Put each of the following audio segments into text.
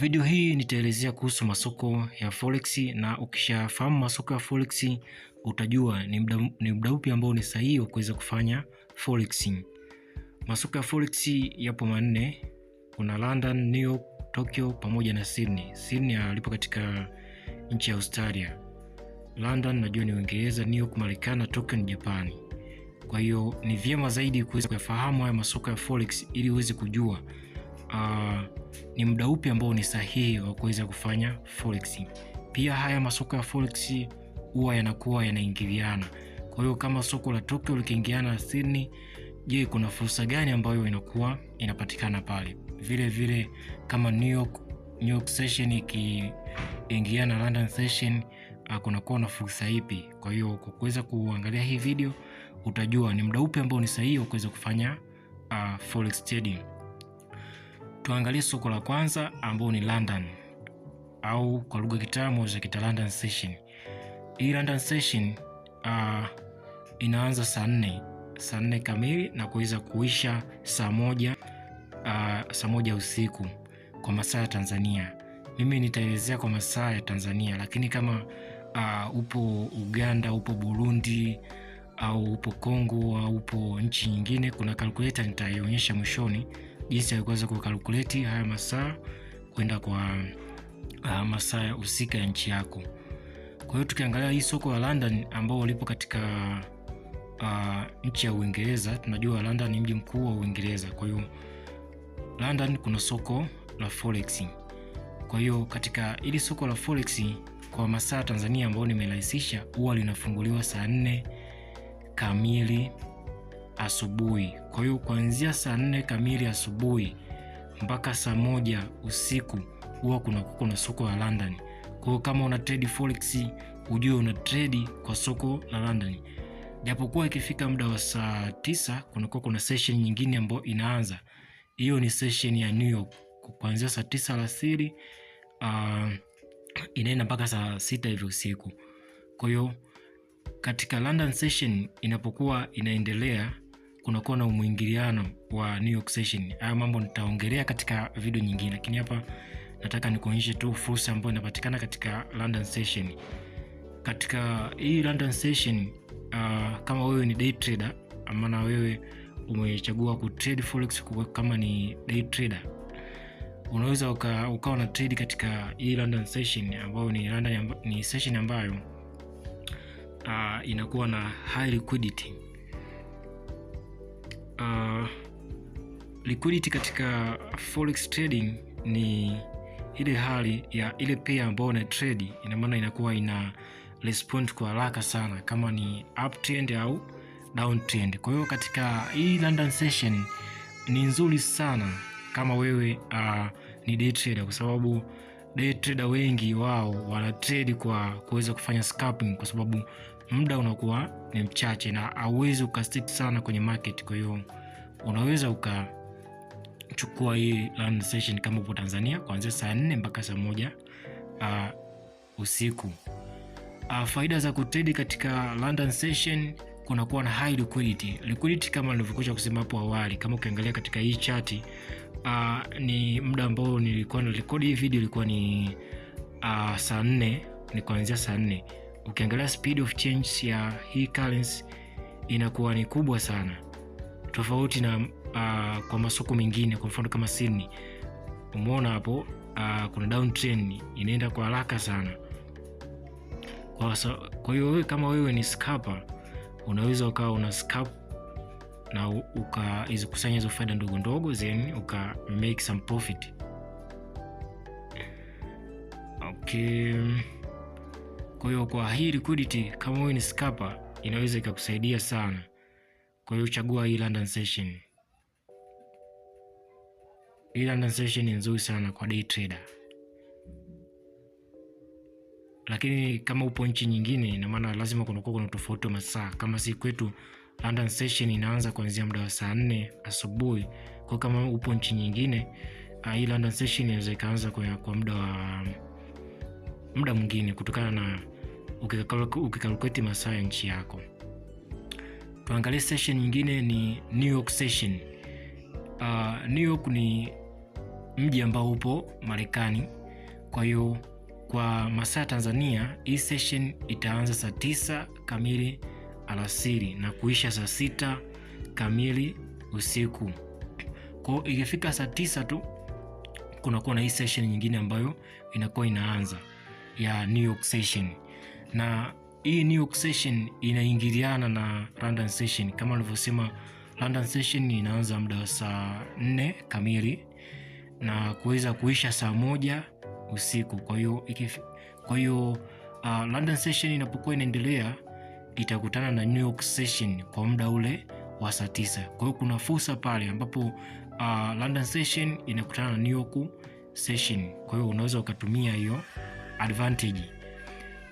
Video hii nitaelezea kuhusu masoko ya forex, na ukishafahamu masoko ya forex utajua ni muda upi ambao ni sahihi wa kuweza kufanya forex. Masoko ya forex yapo manne, kuna London, New York, Tokyo pamoja na Sydney. Sydney alipo katika nchi ya Australia, London najua ni Uingereza, New York Marekani, Tokyo ni Japani. Kwa hiyo ni vyema zaidi kuweza kuyafahamu haya masoko ya forex ili uweze kujua uh, ni muda upi ambao ni sahihi wa kuweza kufanya forex. Pia haya masoko ya forex huwa yanakuwa yanaingiliana, kwa hiyo kama soko la Tokyo likiingiana na Sydney, je, kuna fursa gani ambayo inakuwa inapatikana pale? Vile vile kama New York, New York session ikiingiana London session ah, kunakuwa na fursa ipi? Kwa hiyo kwa kuweza kuangalia hii video utajua ni muda upi ambao ni sahihi wa kuweza kufanya uh, forex trading tuangalie soko la kwanza ambao ni London au kwa lugha kitamu zakiita London session. Hii London session uh, ah, inaanza saa nne saa nne kamili na kuweza kuisha saa moja uh, saa moja usiku kwa masaa ya Tanzania. Mimi nitaelezea kwa masaa ya Tanzania, lakini kama uh, upo Uganda, upo Burundi au upo Kongo au upo nchi nyingine, kuna kalkuleta nitaionyesha mwishoni jinsi ya kuweza kukalkuleti haya masaa kwenda kwa uh, masaa ya husika ya nchi yako. Kwa hiyo tukiangalia hii soko la London ambao lipo katika uh, nchi ya Uingereza, tunajua London ni mji mkuu wa Uingereza. Kwa hiyo London kuna soko la forex. Kwa hiyo katika ili soko la forex kwa masaa Tanzania ambao nimerahisisha, huwa linafunguliwa saa nne kamili asubuhi kwa hiyo kuanzia saa nne kamili asubuhi mpaka saa moja usiku huwa kuna kuko na soko la London. Kwa hiyo kama una trade forex, ujue una trade kwa soko la London. Japokuwa ikifika muda wa saa tisa kuna kuko na session nyingine ambayo inaanza. Hiyo ni session ya New York kuanzia saa tisa alasiri uh, inaenda mpaka saa sita hivyo usiku. Kwa hiyo katika London session inapokuwa inaendelea kunakuwa na umwingiliano wa New York session. Haya mambo nitaongelea katika video nyingine, lakini hapa nataka nikuonyeshe tu fursa ambayo inapatikana katika London session. Katika hii London session uh, kama wewe ni day trader, maana wewe umechagua ku trade forex kama ni day trader, unaweza ukawa na trade katika hii London session ambayo ni London, ni session ambayo uh, inakuwa na high liquidity uh, liquidity katika forex trading ni ile hali ya ile pair ambayo una trade, ina maana inakuwa ina respond kwa haraka sana, kama ni uptrend au downtrend. Kwa hiyo katika hii London session ni nzuri sana kama wewe uh, ni day trader, kwa sababu day trader wengi wao wana trade kwa kuweza kufanya scalping, kwa sababu muda unakuwa ni mchache na auwezi ukastiki sana kwenye market. Kwa hiyo unaweza ukachukua hii session kama upo Tanzania kuanzia saa nne mpaka saa moja uh, usiku. Uh, faida za kutedi katika London session kunakuwa na high liquidity. Liquidity kama nilivyokwisha kusema hapo awali, kama ukiangalia katika hii chati uh, ah, ni muda ambao nilikuwa narekodi hii video ilikuwa ni uh, saa nne ni kuanzia saa nne ukiangalia speed of change ya hii currency inakuwa ni kubwa sana, tofauti na uh, kwa masoko mengine, kwa mfano kama Sydney. Umeona hapo uh, kuna trend inaenda kwa haraka sana. Kwa hiyo wewe kama wewe ni scalper, unaweza ukawa una scalp na ukazikusanya hizo faida ndogo ndogo, then uka make some profit okay. Kwa hiyo kwa hii liquidity, kama wewe ni scalper, inaweza ikakusaidia sana. Kwa hiyo chagua hii London Session. Hii London Session ni nzuri sana kwa day trader, lakini kama upo nchi nyingine, ina maana lazima kunakuwa kuna tofauti wa masaa. Kama si kwetu, London Session inaanza kuanzia muda wa saa nne asubuhi. Kwa kama upo nchi nyingine, ah, hii London Session inaweza ikaanza kwa, kwa muda wa muda mwingine kutokana na ukikalkuleti masaa ya nchi yako. Tuangalie session nyingine ni New York session. Uh, New York ni mji ambao upo Marekani, kwa hiyo kwa masaa ya Tanzania hii session itaanza saa tis kamili alasiri na kuisha saa sita kamili usiku. kwao ikifika saa tisa tu kunakuwa na hii session nyingine ambayo inakuwa inaanza ya New York session, na hii New York session inaingiliana na London session. Kama nilivyosema, London session inaanza muda wa saa nne kamili na kuweza kuisha saa moja usiku. Kwa hiyo kwa hiyo uh, London session inapokuwa inaendelea itakutana na New York session kwa muda ule wa saa tisa. Kwa hiyo kuna fursa pale ambapo uh, London session inakutana na New York session. Kwa hiyo unaweza ukatumia hiyo advantage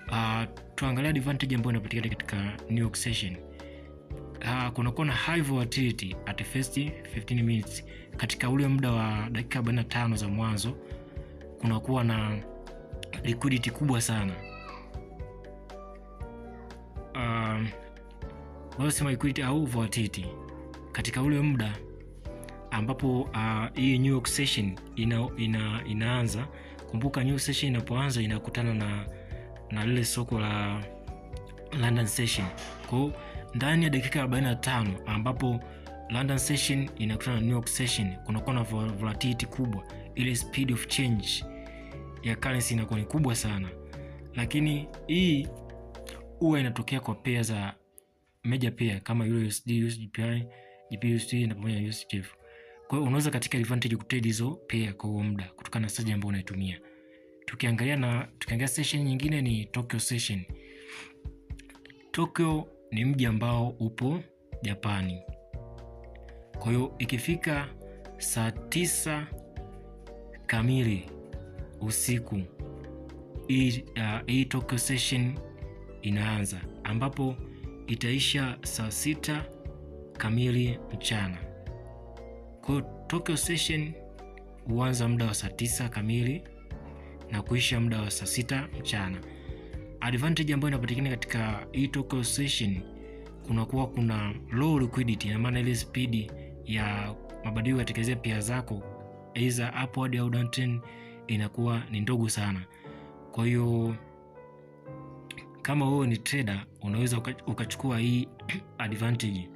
uh, ah, tuangalia advantage ambayo inapatikana katika new session. uh, ah, kunakuwa na high volatility at first 15 minutes katika ule muda wa dakika 45 za mwanzo kunakuwa na liquidity kubwa sana Uh, ah, wanasema liquidity au volatility katika ule muda ambapo uh, hii new session ina, ina, inaanza Kumbuka new session inapoanza inakutana na na lile soko la London session. Kwa ndani ya dakika 45 ambapo London session inakutana na New York session, kunakuwa na volatility kubwa, ile speed of change ya currency inakuwa ni kubwa sana, lakini hii huwa inatokea kwa pea za major pair kama USD, USD JPY, na pamoja na USD kwa hiyo unaweza katika advantage kutrade hizo pair kwa huo muda kutokana na strategy ambayo unaitumia. Tukiangalia na tukiangalia session nyingine ni Tokyo session. Tokyo ni mji ambao upo Japani. Kwa hiyo ikifika saa tisa kamili usiku hii uh, Tokyo session inaanza ambapo itaisha saa sita kamili mchana. Kwa Tokyo session huanza muda wa saa tisa kamili na kuisha muda wa saa sita mchana. Advantage ambayo inapatikana katika hii Tokyo session kunakuwa kuna low liquidity, na maana ile spidi ya mabadiliko katika zile pia zako either upward au downtrend inakuwa ni ndogo sana. Kwa hiyo kama wewe ni trader unaweza ukachukua hii advantage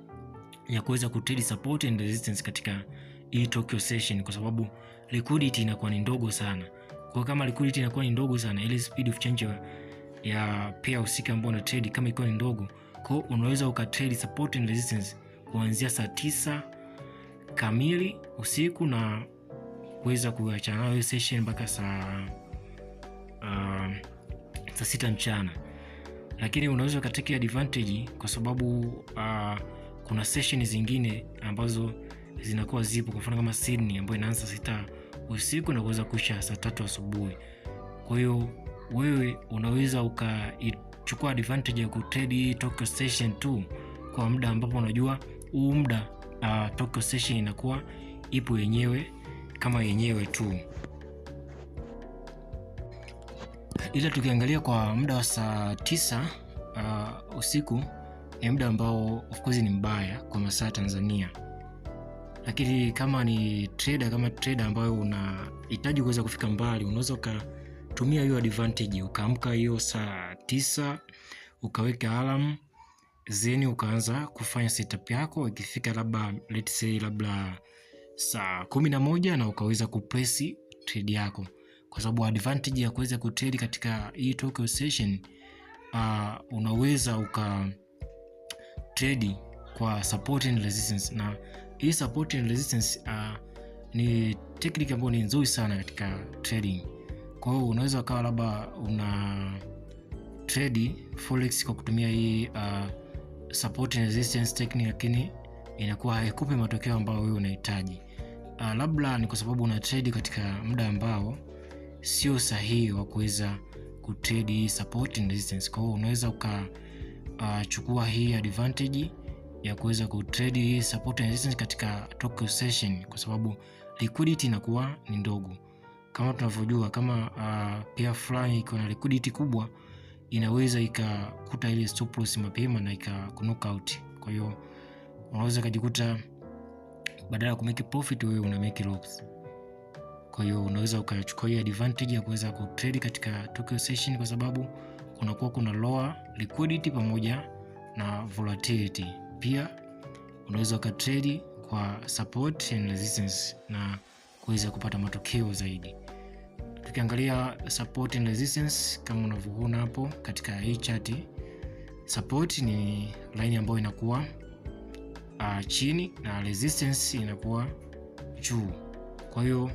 ya kuweza kutrade support and resistance katika hii Tokyo session, kwa sababu liquidity inakuwa ni ndogo sana. Kwa kama liquidity inakuwa ni ndogo sana, ile speed of change ya pair husika ambao una trade kama iko ni ndogo, kwa hiyo unaweza ukatrade support and resistance kuanzia saa tisa kamili usiku na kuweza kuacha nayo hiyo session mpaka saa uh, saa sita mchana, lakini unaweza ukatake advantage kwa sababu uh, kuna sesheni zingine ambazo zinakuwa zipo, kwa mfano kama Sydney ambayo inaanza sita usiku na kuweza kuisha saa tatu asubuhi. Kwa hiyo wewe unaweza ukachukua advantage ya kutrade hii Tokyo session tu kwa muda ambapo unajua huu muda uh, Tokyo session inakuwa ipo yenyewe kama yenyewe tu, ila tukiangalia kwa muda wa saa tisa uh, usiku ni muda ambao of course ni mbaya kwa masaa Tanzania, lakini kama ni trader, kama trader ambayo unahitaji kuweza kufika mbali, unaweza ukatumia hiyo advantage, ukaamka hiyo saa tisa ukaweka alarm zeni ukaanza kufanya setup yako, ikifika labda let's say labda saa kumi na moja na ukaweza kupresi trade yako, kwa sababu advantage ya kuweza kutrade katika hii Tokyo session uh, unaweza uka tredi kwa support and resistance, na hii support and resistance uh, ni technique ambayo ni nzuri sana katika trading. Kwa hiyo unaweza ukawa labda una trade forex kwa kutumia hii uh, support and resistance technique, lakini inakuwa haikupi matokeo ambayo wewe unahitaji. Uh, labda ni kwa sababu una trade katika muda ambao sio sahihi wa kuweza kutrade hii support and resistance. Kwa hiyo unaweza uka uh, chukua hii advantage ya kuweza kutrade hii support and resistance katika Tokyo session, kwa sababu liquidity inakuwa ni ndogo kama tunavyojua, kama uh, pair fulani iko na liquidity kubwa inaweza ikakuta ile stop loss mapema na ika out. Kwa hiyo unaweza kujikuta badala ya kumake profit wewe una make loss. Kwa hiyo unaweza ukachukua hii advantage ya kuweza kutrade katika Tokyo session kwa sababu kunakuwa kuna lower liquidity pamoja na volatility. Pia unaweza ukatrade kwa support and resistance na kuweza kupata matokeo zaidi. Tukiangalia support and resistance, kama unavyoona hapo katika hii chart, support ni line ambayo inakuwa uh, chini na resistance inakuwa juu. Kwa hiyo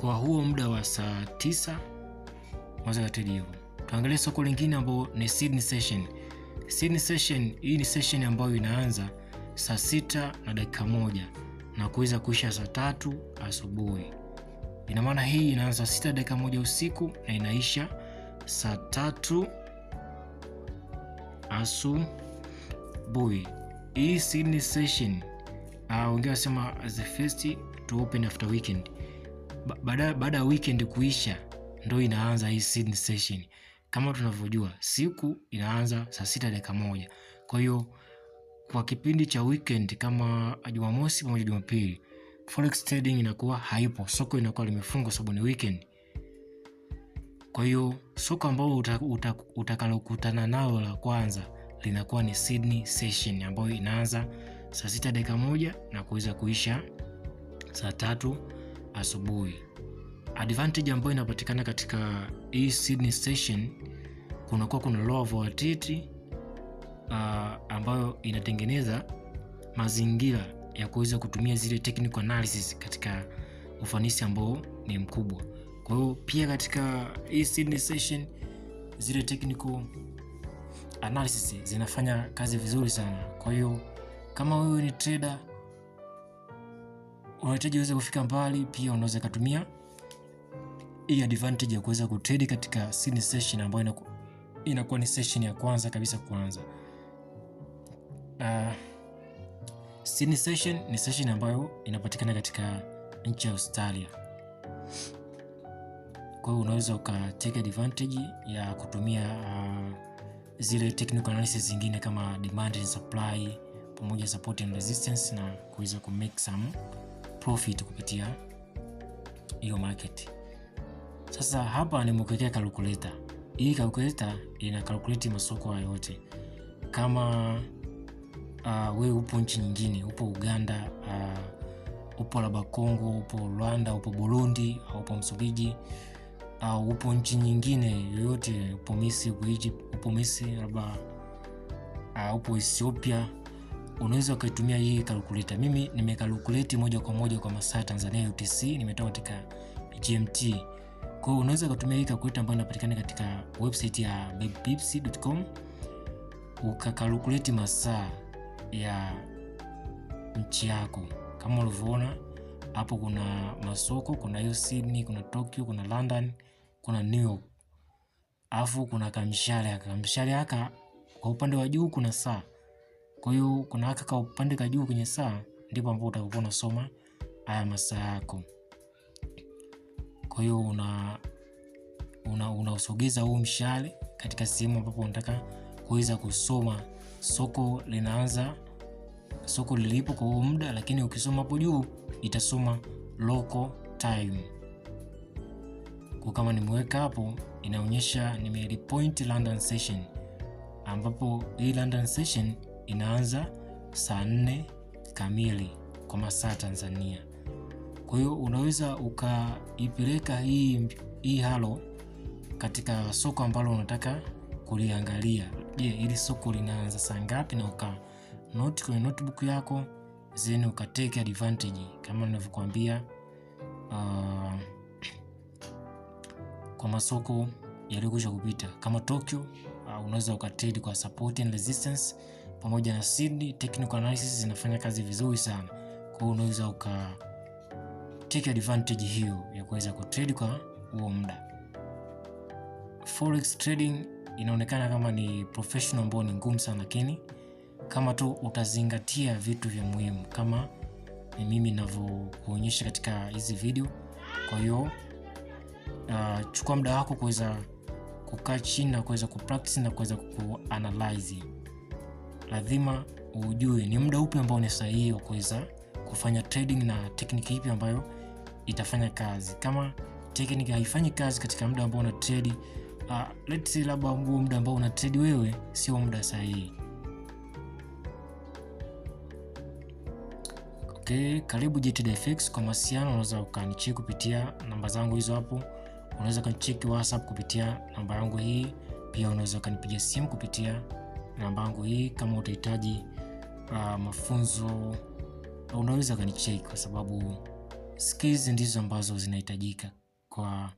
kwa huo muda wa saa tisa mwanzo ya trade hivyo. Tuangalie soko lingine ambao ni Sydney session. Sydney session hii ni session ambayo inaanza saa sita na dakika moja na kuweza kuisha saa tatu asubuhi. Ina maana hii inaanza saa sita dakika moja usiku na inaisha saa tatu asubuhi. Hii Sydney session ah, wengine wanasema the first to open after weekend, baada ya weekend kuisha ndo inaanza hii Sydney session kama tunavyojua siku inaanza saa sita dakika moja. Kwa hiyo kwa kipindi cha weekend kama Jumamosi pamoja Jumapili, forex trading inakuwa haipo, soko inakuwa limefungwa sababu ni weekend. Kwa hiyo soko ambalo utakalokutana uta, nalo la kwanza linakuwa ni Sydney session ambayo inaanza saa sita dakika moja na kuweza kuisha saa tatu asubuhi. Advantage ambayo inapatikana katika hii Sydney station, kunakuwa kuna low volatility uh, ambayo inatengeneza mazingira ya kuweza kutumia zile technical analysis katika ufanisi ambao ni mkubwa. Kwa hiyo pia katika hii Sydney station zile technical analysis zinafanya kazi vizuri sana. Kwa hiyo kama wewe ni trader unahitaji uweze kufika mbali, pia unaweza kutumia hii advantage ya kuweza kutrade katika sini session ambayo inaku, inakuwa ni session ya kwanza kabisa kuanza. Uh, sini session ni session ambayo inapatikana katika nchi ya Australia. Kwa hiyo unaweza uka take advantage ya kutumia uh, zile technical analysis zingine kama demand and supply pamoja support and resistance na kuweza ku make some profit kupitia hiyo market. Sasa hapa nimekuwekea calculator. Hii calculator ina calculate masoko hayo yote. Kama uh, ah, we upo nchi nyingine, upo Uganda, uh, upo labda Kongo, upo Rwanda, upo Burundi, au upo Msumbiji au uh, upo nchi nyingine yoyote, upo Misri, upo Egypt, upo Misri labda uh, upo Ethiopia, unaweza ukaitumia hii calculator. Mimi nimekalkulate moja kwa moja kwa masaa Tanzania UTC, nimetoka katika GMT kwa hiyo unaweza kutumia hii calculator ambayo inapatikana katika website ya babypips.com ukakalkulate masaa ya nchi yako. Kama ulivyoona hapo, kuna masoko, kuna hiyo Sydney, kuna Tokyo, kuna London, kuna New York, alafu kuna kamshale haka. Kamshale haka kwa upande wa juu kuna saa, kwa hiyo kuna haka ka upande wa juu kwenye saa, ndipo ambapo utakapo unasoma haya masaa yako. Kwa hiyo una unausogeza una huu mshale katika sehemu ambapo unataka kuweza kusoma soko linaanza soko lilipo kwa huo muda, lakini ukisoma hapo juu itasoma local time. Kwa kama nimeweka hapo, inaonyesha nimelipoint London session, ambapo hii London session inaanza saa 4 kamili kwa masaa Tanzania. Kwa hiyo unaweza ukaipeleka hii, hii halo katika soko ambalo unataka kuliangalia. Je, ili soko linaanza saa ngapi? Na uka note kwenye notebook yako then ukateke advantage kama ninavyokuambia, uh, kwa masoko yaliyokwisha kupita kama Tokyo, uh, unaweza ukatrade kwa support and resistance pamoja na Sydney, Technical analysis zinafanya kazi vizuri sana, kwa hiyo unaweza uka take advantage hiyo ya kuweza kutrade kwa huo muda. Forex trading inaonekana kama ni professional ambayo ni ngumu sana, lakini kama tu utazingatia vitu vya muhimu kama ni mimi ninavyokuonyesha katika hizi video. Kwa hiyo uh, chukua muda wako kuweza kukaa chini na kuweza kupractice na kuweza kuanalyze. Lazima ujue ni muda upi ambao ni sahihi wa kuweza kufanya trading na tekniki ipi ambayo itafanya kazi. Kama technique haifanyi kazi katika muda ambao una trade uh, let's say labda huo muda ambao una trade wewe sio muda sahihi. Okay, karibu JTDFX kwa masiano unaweza ukanicheki kupitia namba zangu hizo hapo. Unaweza ukanicheki WhatsApp kupitia namba yangu hii, pia unaweza ukanipigia simu kupitia namba yangu hii. Kama utahitaji uh, mafunzo, unaweza ukanicheki kwa sababu skills ndizo ambazo zinahitajika kwa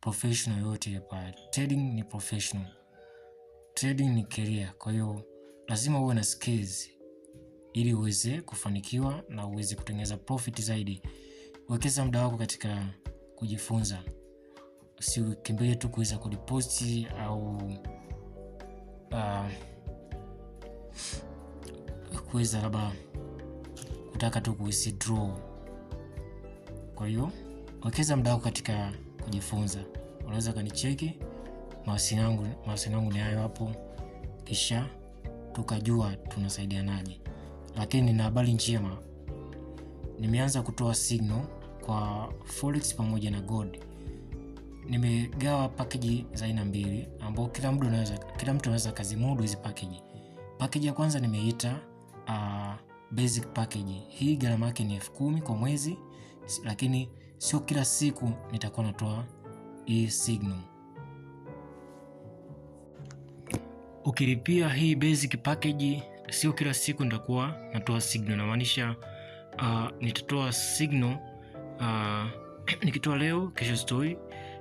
professional yote hapa. trading. Ni professional trading ni career, kwa hiyo lazima uwe na skills ili uweze kufanikiwa na uweze kutengeneza profit zaidi. Wekeza muda wako katika kujifunza, usikimbie tu kuweza kuliposti au uh, kuweza labda kutaka tu draw. Kwa hiyo wekeza mda wako katika kujifunza. Unaweza kanicheki mawasiliano yangu, mawasiliano yangu ni hayo hapo, kisha tukajua tunasaidianaje. Lakini nina habari njema, nimeanza kutoa signal kwa forex pamoja na gold. Nimegawa pakeji za aina mbili, ambao kila mtu anaweza kila mtu anaweza kazimudu hizi pakeji. Pakeji ya kwanza nimeita uh, basic package. Hii gharama yake ni elfu kumi kwa mwezi lakini sio kila siku nitakuwa natoa hii signal. Ukilipia hii basic package, sio kila siku nitakuwa natoa signal, namaanisha uh, nitatoa signal uh, nikitoa leo, kesho story,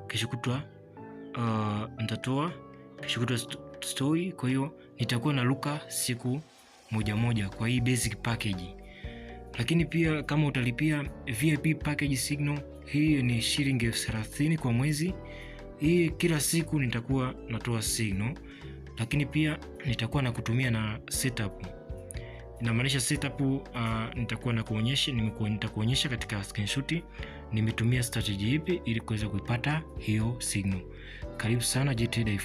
kesho kutwa uh, nitatoa kesho kutwa story. Kwa hiyo nitakuwa naruka siku moja moja kwa hii basic package lakini pia kama utalipia VIP package Signal, hii ni shilingi elfu thelathini kwa mwezi. Hii kila siku nitakuwa natoa Signal, lakini pia nitakuwa na kutumia na setup. Inamaanisha setup, uh, nitakuwa na kuonyesha, nitakuonyesha katika screenshot nimetumia strategy ipi ili kuweza kuipata hiyo Signal. Karibu sana GTD